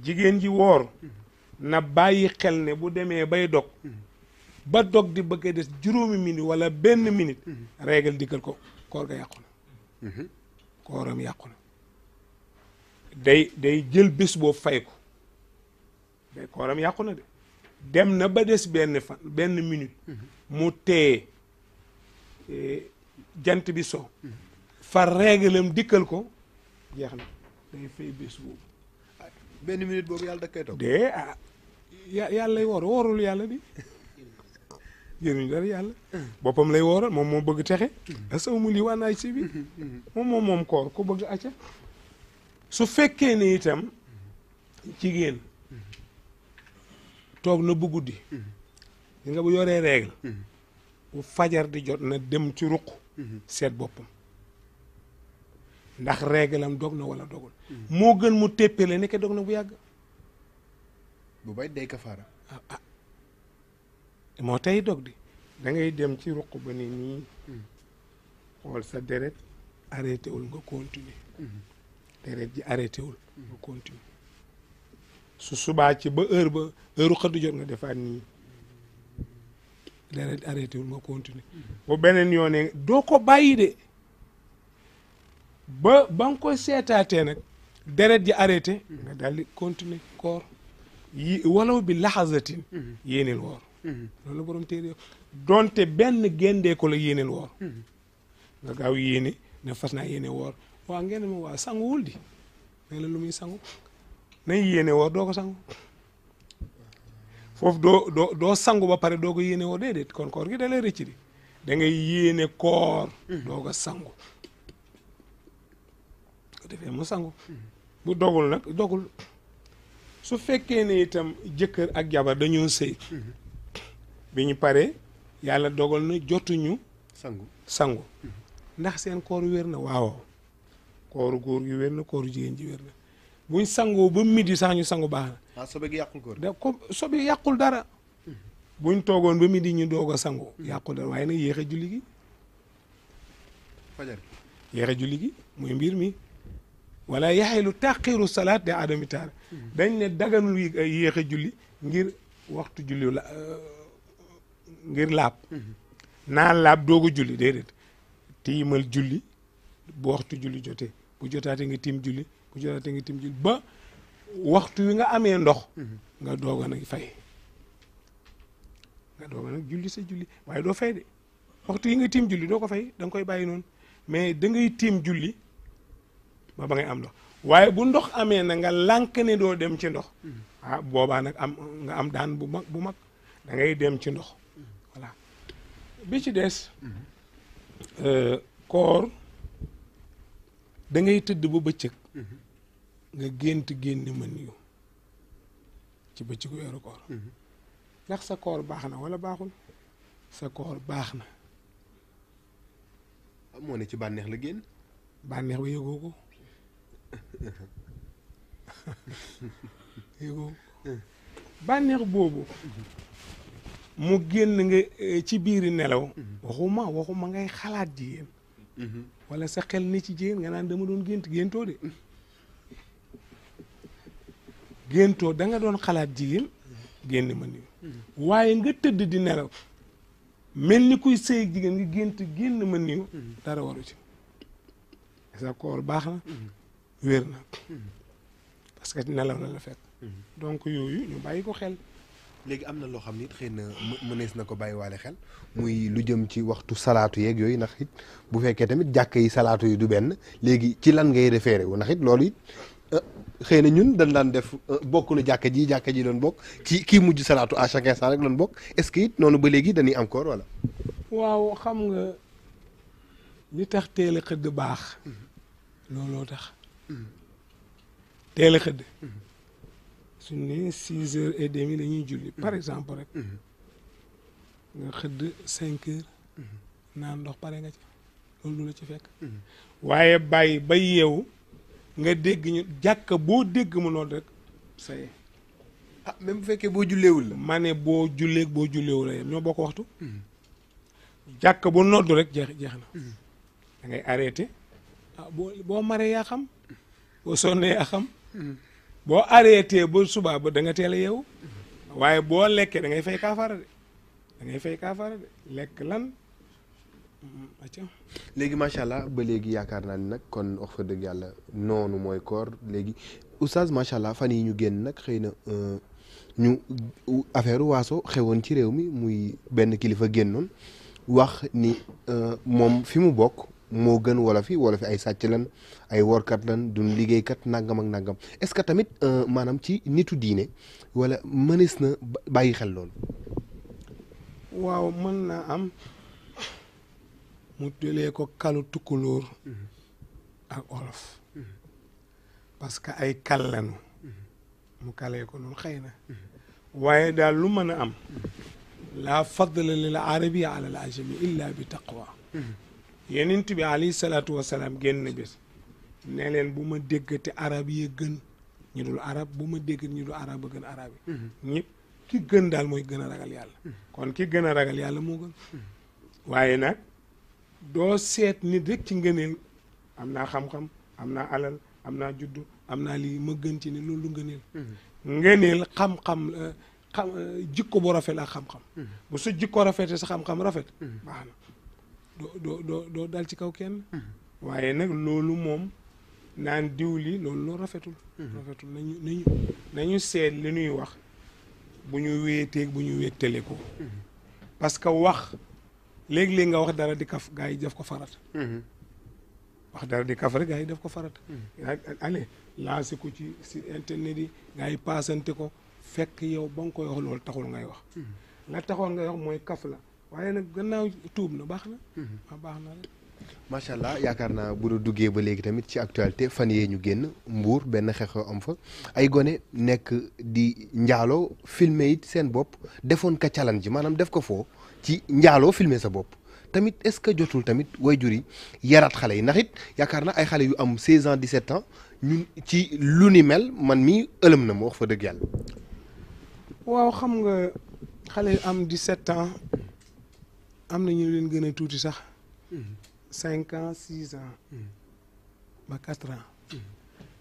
jigéen ji woor na bàyyi xel ne bu demee bay dog ba dog di bëgg a des juróomi minute wala benn minute régal dikkal ko koor ga yàqu na kooram yàqu na day jël bés boobu fay ko day yàqu na de dem na ba des benn fan benn minute mu teye e, jant bi so fa régalam dikkal ko jeex na day fay bés benn minute boobu yàlla da koy toog. de ah yàlla lay woor woorul yàlla di jëriñu dara yàlla. boppam lay wooral moom moo bëgg texe. asaw mu lii wànnaay si bi. moom moom moom koor ku bëgg acca su fekkee ne itam jigéen toog na bu guddi. nga bu yoree règle. bu fajar di jot na dem ci ruq. seet boppam. ndax réglam dog na wala dogul moo gën mu téppale nekke dog na bu yàgg bu bay day kafaara ah, ah moo tey dog di da ngay dem ci ruq ba ni nii xool sa deret arrêté wul nga continuer deret ji wul nga su subaa ci ba heure ba heure xëdd jot nga defaat nii deret arrêté wul nga continue bu beneen yoonee doo ko bàyyi de ba ba nga ko seetaatee nag deret ji arrêté nga daal di koor yi walaw bi laxasatin yéeneel woor loolu la borom téere donte benn géndee ko la yéeneel woor nga gaaw yéene ne fas naa yéene woor waa ngeen ma waa sanguwul di ne la lu muy sangu na yéene woor doo ko sangu foofu doo doo doo sangu ba pare doo ko yéene woor déedéet kon koor gi da lay rëcc di da ngay yéene koor hmm. doo ko sangu ko defee mu sangu bu dogul nag dogul su fekkee ne itam jëkkër ak jabar dañu sëy bi ñu paree yàlla dogal na jotuñu sangu sangu ndax seen koor wér na waaw kooru góor gi wér na kooru jigéen ji wér buñ sangoo ba midi sax ñu sangu baax na ah, sobe gi dara buñ toogoon ba midi ñu doog a sangu yàqul dara waaye nag yéex a julli gi fajar yéex a julli mooy mbir mi wala yaxilu taqiru salaat de adami taar dañ ne daganul yéex a julli ngir waxtu julli la euh, ngir laab naa laab doog a julli déedéet tiimal julli bu waxtu julli jotee bu jotaate nga tiim julli bu jotaate nga tiim julli ba waxtu wi nga amee ndox nga doog a nag fay nga doog julli sa julli waaye doo fay de waxtu yi nga tiim julli doo ko fay da koy bàyyi noonu mais da tiim julli ba ngay am ndox waaye bu ndox amee na nga lànk ne doo dem ci ndox mm-hmm. ah boobaa nag am nga am daan bu mag bu mag da dem ci ndox voilà bi ci des mm-hmm. euh, koor dangay tëdd bu bëccëg mm-hmm. nga gént génn mën yu ci bëccëgu weeru koor ndax sa koor baax na wala baaxul sa koor baax na moo ne ci bànneex la génn bànneex ba yëgoo ko yëgoo bànneex boobu mu génn nga eh, ci biiri nelaw mm-hmm. waxuma waxuma ngay xalaat jigéen mm-hmm. wala sa xel ni ci jigéen nga naan dama doon gént géntoo de géntoo da nga doon xalaat jigéen génn ma nii mm-hmm. waaye nga tëdd di nelaw mel ni kuy sëy jigéen nga gént génn ma niiw dara waru ci sa koor baax wér na parce que nelaw la la fekk. donc yooyu ñu bàyyi ko xel. léegi am na loo xam ni xëy na mënees na ko bàyyiwaale xel muy lu jëm ci waxtu salaatu yeeg yooyu ndax it bu fekkee tamit jàkka yi salaatu yi du benn léegi ci lan ngay référé wu ndax it loolu it euh, xëy na ñun dañ daan def euh, bokk na jàkka ji jàkka ji doon bokk kii kii mujj salaatu à chaque instant rek doon bokk est ce it noonu ba léegi dañuy encore wala. waaw xam nga li tax teel a xëdd baax. looloo tax. teel a xëdd suñ ne six heures et demi dañuy julli par exemple rek nga xëdd cinq heures naan ndox pare nga ci loolu la ci fekk waaye bàyyi ba yeewu nga dégg ñu jàkka boo dégg mu noonu rek ça y ah même bu fekkee boo julleewul la ma ne boo julleeg boo julleewul la yem ñoo bokk waxtu jàkk bu nodd rek jeex jeex na hmm. da ngay ah, boo boo maree yaa xam boo sonnee a xam boo arrêté ba subaa ba da nga teel a yeewu waaye boo lekkee da ngay fay kaafara de da fay kaafara de lekk lan léegi macha allah ba léegi yaakaar naa ni nag kon wax fa dëgg yàlla noonu mooy koor léegi oustaz macha allah fan yi ñu génn nag xëy na euh, ñu affaire waaso xewoon ci réew mi muy benn kilifa génnoon wax ni euh, moom fi mu bokk moo gën wolof yi wolof ay sàcc lan ay workat lan duñ liggéeykat nangam ak nangam est-ce que tamit euh, maanaam ci nitu diine wala mënees na bàyyi xel loolu. waaw mën naa am mu jëlee ko kalu tukkulóor mm-hmm. ak olof mm-hmm. parce que ay kal lañu mm-hmm. mu kalee ko noonu xëy na waaye daal lu mën a am laa fadla lil arabi ala al ajami illa bi taqwa yenent bi alayhi salaatu wasalaam génn bés ne leen bu ma déggate arab yi gën ñu dul arab bu ma dégg ñu dul arab ba gën arab yi mhm. ñëpp ki gën daal mooy gën a ragal yàlla mhm. kon ki gën a ragal yàlla moo gën mhm. waaye nag doo seet nit rek ci ngëneel am naa xam-xam am naa alal am naa juddu am naa lii ma gën ci ne loolu ngëneel ngëneel xam-xam euh, euh, jikko bu rafet ak xam-xam bu sa jikko rafetee sa xam-xam rafet baax na doo doo doo dal ci kaw kenn. Mm-hmm. waaye nag loolu moom naan diwli loolu rafetul. Mm-hmm. rafetul nañu nañu nañu seet li ñuy wax bu ñu wéeteeg bu ñu wéetale ko. Mm-hmm. parce que wax léeg-léeg nga wax dara di kaf gaa yi def ko farat. wax dara di kaf rek gaa yi def ko farat. allez lancé ko ci si internet yi gaa yi paasante ko fekk yow ba nga koy wax loolu taxul ngay wax. la taxoon ngay wax mooy kaf la. waaye nag gannaaw tuub na baax na. Mhm. waaw baax na macha allah yaakaar naa bu duggee ba léegi tamit ci actualité fan yee ñu génn mbuur benn xeexoo am fa ay gone nekk di njaaloo filmer it seen bopp defoon ka challenge maanaam def ko foo ci njaaloo filmer sa bopp tamit est-ce que jotul tamit waajur yi yaraat xale yi ndax it yaakaar na ay xale yu am 16 ans 17 ans ñun ci lu ni mel man mii ëlëm na ma wax fa dëgg yàlla. waaw xam nga xale yu am 17 ans. am na ñu leen gën a tuuti sax. Mhm. cinq ans six ans. Mhm. ba quatre ans. Mhm.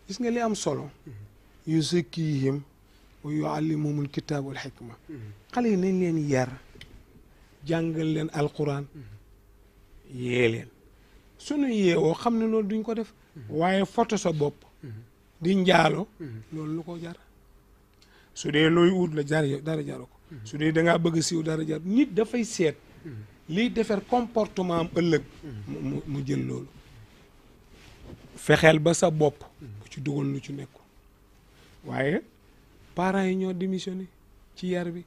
gis nga li am solo. yuzakkihim wa yuallimuhumul kitaab wal xikma. xale yi nañ leen yar jàngal leen alquran. yee leen sunu yeewoo xam ne loolu duñ ko def. waaye foto sa bopp. di njaalo. loolu lu ko jar. su dee looy ut la jar dara jaru ko. su dee da ngaa bëgg siiw dara jar nit dafay seet. liy defar comportement am ëllëg mu mu jël loolu fexeel ba sa bopp ku ci dugal lu ci nekkul waaye parents yi ñoo démissionné ci yar bi